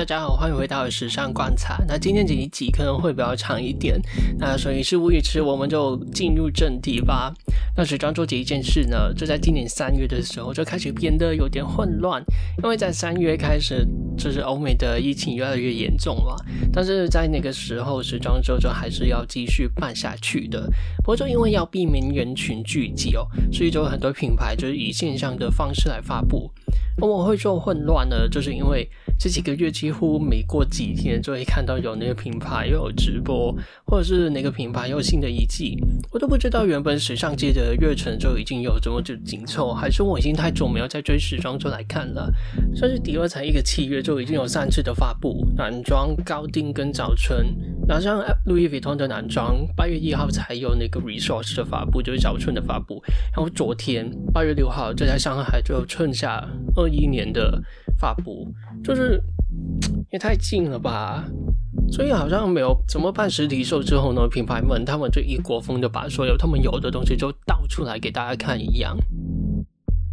大家好，歡迎回到時尚觀察。那今天這一集可能會比較長一點，那所以事不宜遲，我們就進入正題吧。那時裝週這一件事呢，就在今年三月的時候就開始變得有點混亂，因為在三月開始就是歐美的疫情越來越嚴重了，但是在那個時候，時裝週就還是要繼續辦下去的。不過就因為要避免人群聚集哦，所以就有很多品牌就是以線上的方式來發布。那為什麼會混亂呢？就是因為。這幾個月幾乎每過幾天就會看到有那個品牌又有直播，或者是哪個品牌又有新的一季，我都不知道原本時尚界的月程就已經有這麼緊緊湊，還是我已經太久沒有在追時裝週來看了。算是，Dior 才一個七月就已經有三次的發布，男裝、高定跟早春。然後像 Louis Vuitton 的男裝，八月一號才有那個 Resort 的發布，就是早春的發布。然後昨天八月六號，這在上海就春夏二一年的發佈就是也太近了吧，所以好像沒有怎麼辦，實體秀之後呢，品牌們他們就一窩蜂的把所有他們有的東西就倒出來給大家看一樣。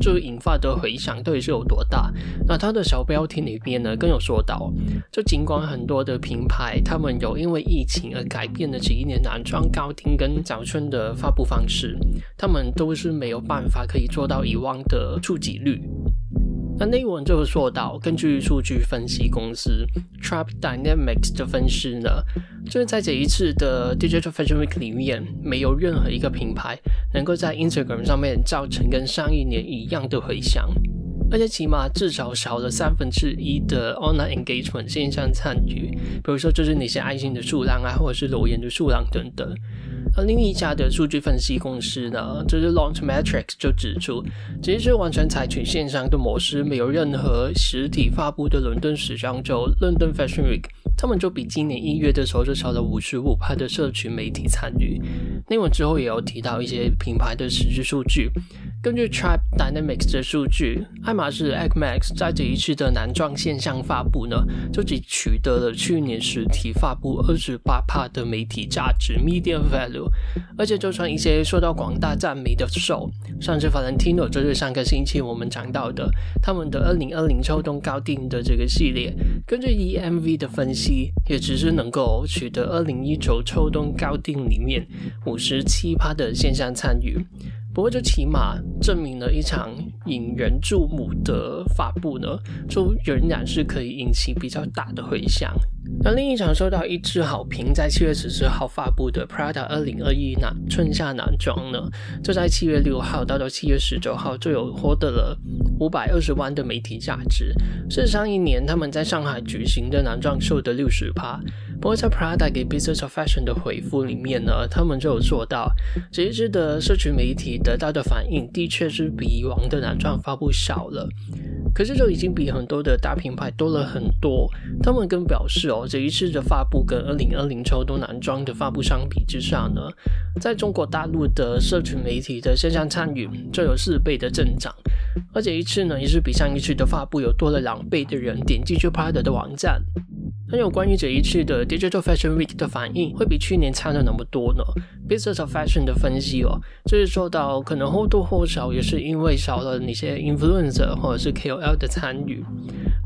這引發的回響到底是有多大？那它的小標題裡邊呢，更有說到，就儘管很多的品牌他們有因為疫情而改變了幾年男裝高定跟早春的發佈方式，他們都是沒有辦法可以做到以往的觸及率。那內文就說到，根據數據分析公司 Trap Dynamics 的分析呢，就是在這一次的 Digital Fashion Week 裡面，沒有任何一個品牌能夠在 Instagram 上面造成跟上一年一樣的回響。而且起碼至少少了三分之一的 online engagement 線上參與，比如說就是那些愛心的數量啊，或者是留言的數量等等。而另一家的數據分析公司呢，就是 Launch Metrics 就指出，其實完全採取線上的模式，沒有任何實體發佈的倫敦時裝週 （London Fashion Week）。他們就比今年一月的時候就少了五十五趴的社群媒體參與。內文之後也有提到一些品牌的實際數據。根據 Tribe Dynamics 的數據，愛馬仕、Acne Max 在這一次的男裝線上發佈呢，就只取得了去年實體發佈二十八趴的媒體價值 （Media Value），而且就算一些受到廣大讚美的 show，像是 Valentino，就是上個星期我們講到的，他們的二零二零秋冬高定的這個系列，根據 EMV 的分析。也只是能夠取得二零一九秋冬高定裡面五十七趴的線上參與。不過，就起碼證明了一場引人注目的發布呢，就仍然是可以引起比較大的回響。那另一場受到一致好評，在七月十四號發布的 Prada 二零二一男春夏男裝呢，就在七月六號到到七月十九號，就有獲得了五百二十萬的媒體價值，是上一年他們在上海舉行的男裝秀的六十%。不過在 Prada 給 Business of Fashion 的回復裡面呢，他們就有做到。這一次的社群媒體得到的反應的確是比以往的男裝發布少了，可是就已經比很多的大品牌多了很多。他們更表示哦，這一次的發布跟2020秋冬男裝的發布相比之下呢，在中國大陸的社群媒體的線上參與就有四倍的增長，而這一次呢也是比上一次的發布有多了兩倍的人點進去 Prada 的網站。那有關於這一次的 Digital Fashion Week 的反應會比去年差了那麼多呢？Business of Fashion 的分析哦，就是說到可能或多或少也是因為少了那些 influencer 或者是 KOL 的參與。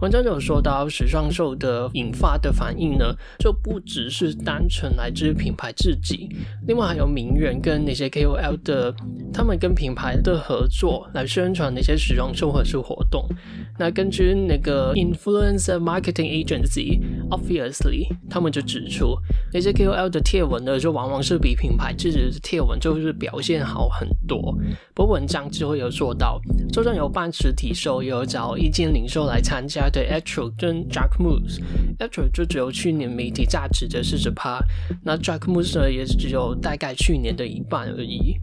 文章有說到，時裝秀的引發的反應呢，就不只是單純來自於品牌自己，另外還有名人跟那些 KOL 的，他們跟品牌的合作來宣傳那些時裝秀或者是活動。那根據那個 Influencer Marketing Agency。Obviously，他們就指出，那些 KOL 的貼文呢，就往往是比品牌自己的貼文就是表現好很多。不過文章之後有說到，就算有辦實體秀也有找意見領袖來參加的。Etro 跟 Jacquemus，Etro 就只有去年媒體價值的四十趴，那 Jacquemus 呢，也是只有大概去年的一半而已。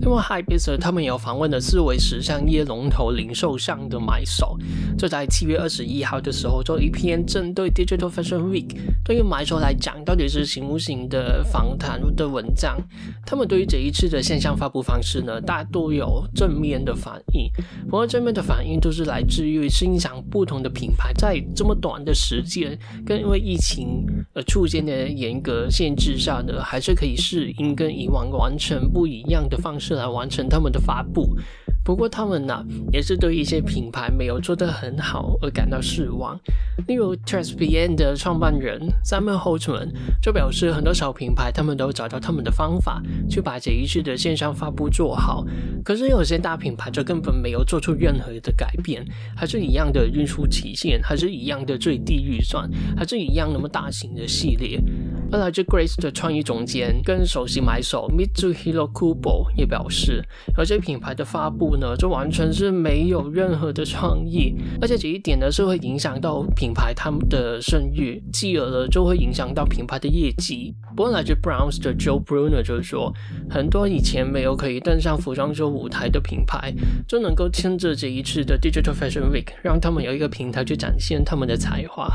另外，還有就是 Hypebeast，他們有訪問了四位時尚業龍頭零售商的買手。就在七月二十一號的時候做一篇針對 Digital Fashion Week，對於買手來講到底是行不行的訪談的文章。他們對於這一次的現象發佈方式呢，大多有正面的反應。不過，正面的反應都是來自於欣賞不同的品牌在這麼短的時間，跟因為疫情而出現的嚴格限制下呢，還是可以適應跟以往完，完全不一樣的方式。來完成他們的發布，不過他們呢、啊、也是對一些品牌沒有做得很好而感到失望。例如 Trespian 的創辦人 Simon Holtman 就表示，很多小品牌他們都找到他們的方法，去把這一次的線上發布做好。可是有些大品牌就根本沒有做出任何的改變，還是一樣的運輸期限，還是一樣的最低預算，還是一樣那麼大型的系列。而來自 Grace 的創意總監跟首席買手 Mitsuhiro Kubo 也表示，而這品牌的發布呢，就完全是沒有任何的創意，而且這一點呢，是會影響到品牌他們的聲譽，繼而呢，就會影響到品牌的業績。不過來自 Browns 的 Joe Bruner 就說，很多以前沒有可以登上服裝周舞台的品牌，就能夠趁著這一次的 Digital Fashion Week，讓他們有一個平台去展現他們的才華。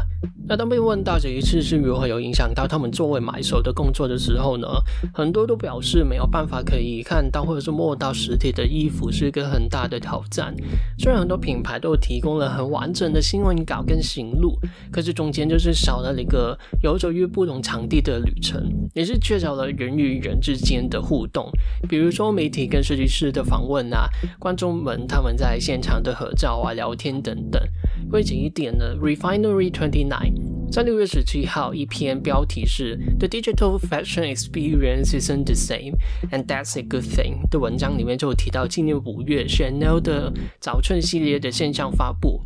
那當被問到這一次是如何有影響到他們做，為買手的工作的時候呢，很多都表示沒有辦法可以看到或者是摸到實體的衣服是一個很大的挑戰。雖然很多品牌都提供了很完整的新聞稿跟型錄，可是中間就是少了一個遊走於不同場地的旅程，也是缺少了人與人之間的互動。比如說媒體跟設計師的訪問啊，觀眾們他們在現場的合照啊、聊天等等。為有一點的 Refinery29。在六月十七號一篇標題是《The digital fashion experience isn't the same and that's a good thing》的文章裡面，就有提到今年五月 Chanel 的早春系列的線上發布。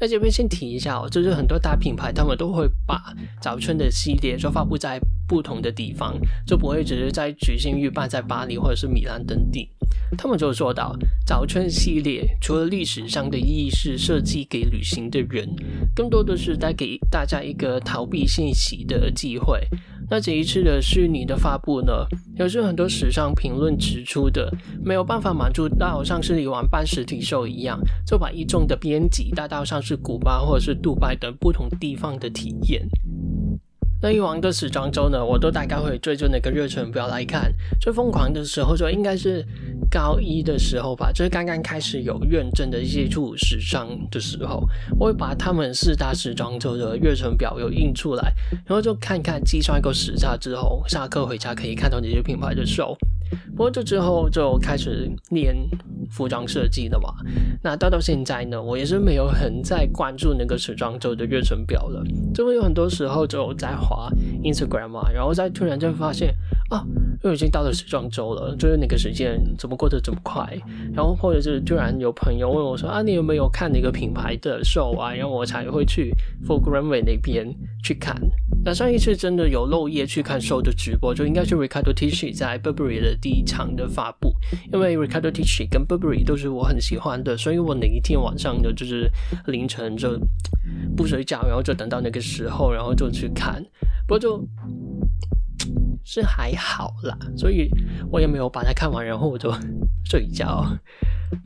那這邊先提一下哦，就是很多大品牌他們都會把早春的系列就發布在不同的地方，就不會只是在局限於辦在巴黎或者是米蘭等地。他們就說到，早春系列除了歷史上的意義是設計給旅行的人，更多的是帶給大家一個逃避信息的機會。那這一次的虛擬的發布呢，也是很多時尚評論指出的，沒有辦法滿足到像是以往辦實體秀一樣，就把一眾的編輯帶到像是古巴或者是杜拜等不同地方的體驗。那以往的時裝周呢，我都大概會追蹤那個日程表來看，最瘋狂的時候就應該是。高一的時候吧，就是剛剛開始有認真的接觸時尚的時候，我會把他們四大時裝週的月程表有印出來，然後就看看，計算一個時差之後，下課回家可以看到哪些品牌的秀。不過這之後就開始念服裝設計了嘛，那到到現在呢，我也是沒有很在關注那個時裝周的月程表了，就會有很多時候就在滑 Instagram 嘛、啊，然後再突然就發現啊。因為已經到了時裝週了，就是那個時間怎麼過得這麼快？然後或者是突然有朋友問我說啊，你有沒有看那個品牌的 show 啊？然後我才會去 Vogue Runway 那邊去看。那上一次真的有漏夜去看 show 的直播，就應該是 Riccardo Tisci 在 Burberry 的第一場的發布，因為 Riccardo Tisci 跟 Burberry 都是我很喜歡的，所以我哪一天晚上的就是凌晨就不睡覺，然後就等到那個時候，然後就去看。不過就。是還好啦，所以我也沒有把它看完，然後我就睡覺。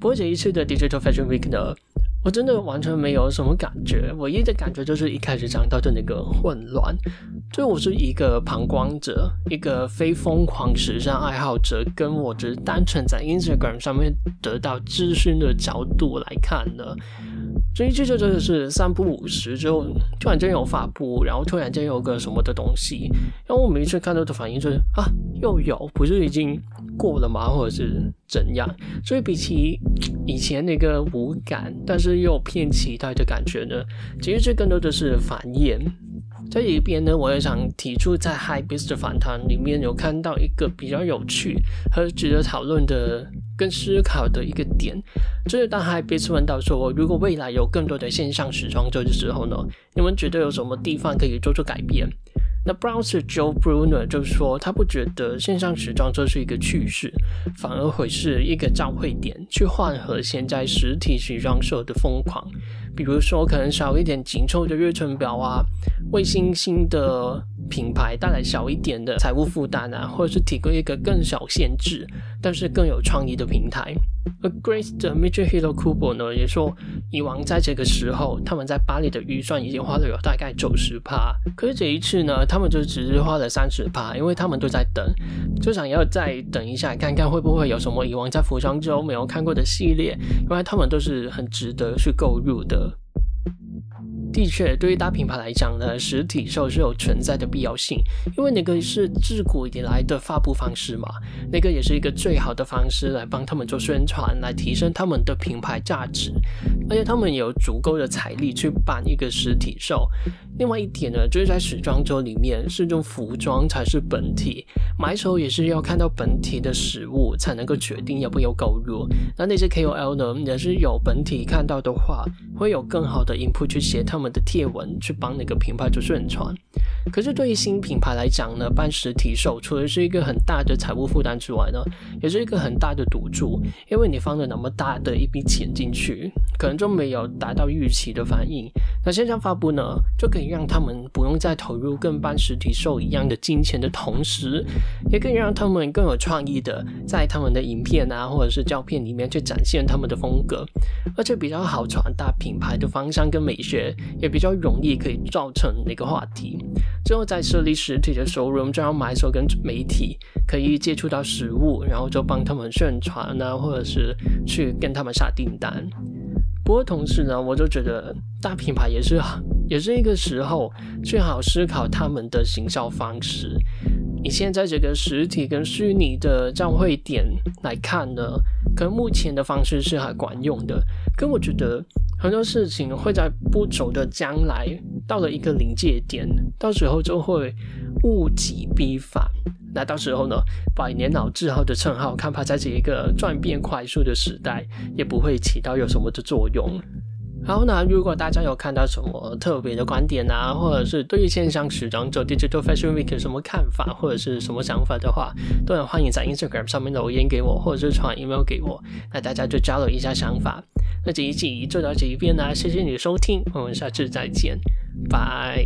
不過這一次的 Digital Fashion Week 呢，我真的完全沒有什麼感覺。唯一的感覺就是一開始講到的那個混亂，就我是一個旁觀者，一個非瘋狂時尚愛好者，跟我只是單純在 Instagram 上面得到資訊的角度來看呢，所以這就真的是三不五時，之後突然間有發布，然後突然間有個什麼的東西，然後我每一次看到的反應就是啊，又有，不是已經過了嗎，或者是怎樣？所以比起以前那個無感，但是又偏期待的感覺呢，其實這更多的是煩厭。這裡邊呢，我也想提出，在 Hypebeast 訪談裡面有看到一個比較有趣和值得討論的跟思考的一個點，就是當 Hypebeast 問到說，如果未來有更多的線上時裝週的時候呢，你們覺得有什麼地方可以做出改變？那 Browns 的 Joe Bruner 就是說，他不覺得線上時裝週是一個趨勢，反而會是一個交匯點，去緩和現在實體時裝週的瘋狂。比如說，可能少一點緊湊的日程表啊，衛星星的，品牌帶來小一點的財務負擔啊，或者是提供一個更小限制，但是更有創意的平台。而 Grace 的 Mitchell Hilo Cooper 呢也說，以往在這個時候，他們在巴黎的預算已經花了有大概九十趴，可是這一次呢，他們就只是花了三十趴，因為他們都在等，就想要再等一下，看看會不會有什麼以往在服裝周沒有看過的系列，因為他們都是很值得去購入的。的確，對於大品牌來講呢，實體秀是有存在的必要性，因為那個是自古以來的發布方式嘛，那個也是一個最好的方式來幫他們做宣傳，來提升他們的品牌價值。而且他們也有足夠的財力去辦一個實體秀。另外一點呢，就是在時裝週裡面，是用服裝才是本體，買手也是要看到本體的實物才能夠決定要不要購入。那那些 KOL 呢，也是有本體看到的話，會有更好的 input 去寫他們的貼文，去幫那個品牌做宣傳。可是對於新品牌來講呢，辦實體秀除了是一個很大的財務負擔之外呢，也是一個很大的賭注，因為你放了那麼大的一筆錢進去，可能就沒有達到預期的反應。那線上發布呢，就可以讓他們不用再投入跟辦實體秀一樣的金錢的同時，也可以讓他們更有創意的在他們的影片啊或者是照片裡面去展現他們的風格，而且比較好傳達品牌的方向跟美學，也比較容易可以造成一個話題。最後在設立實體的時候，就讓買手跟媒體可以接觸到實物，然後就幫他們宣傳啊，或者是去跟他們下訂單。不過同時呢，我就覺得大品牌也是，也是一個時候最好思考他們的行銷方式。以現在這個實體跟虛擬的交匯點來看呢，可能目前的方式是很管用的。可我覺得。很多事情會在不久的將來到了一個臨界點，到時候就會物極必反。那到時候呢，百年老字號的稱號，恐怕在這一個轉變快速的時代，也不會起到有什麼的作用。然後呢，如果大家有看到什麼特別的觀點啊，或者是對於線上時裝週 Digital Fashion Week 有什麼看法或者是什麼想法的話，都很歡迎在 Instagram 上面留言給我，或者是傳 email 給我。那大家就交流一下想法。這一集做到這一邊呢，謝謝你的收聽，我們下次再見，拜。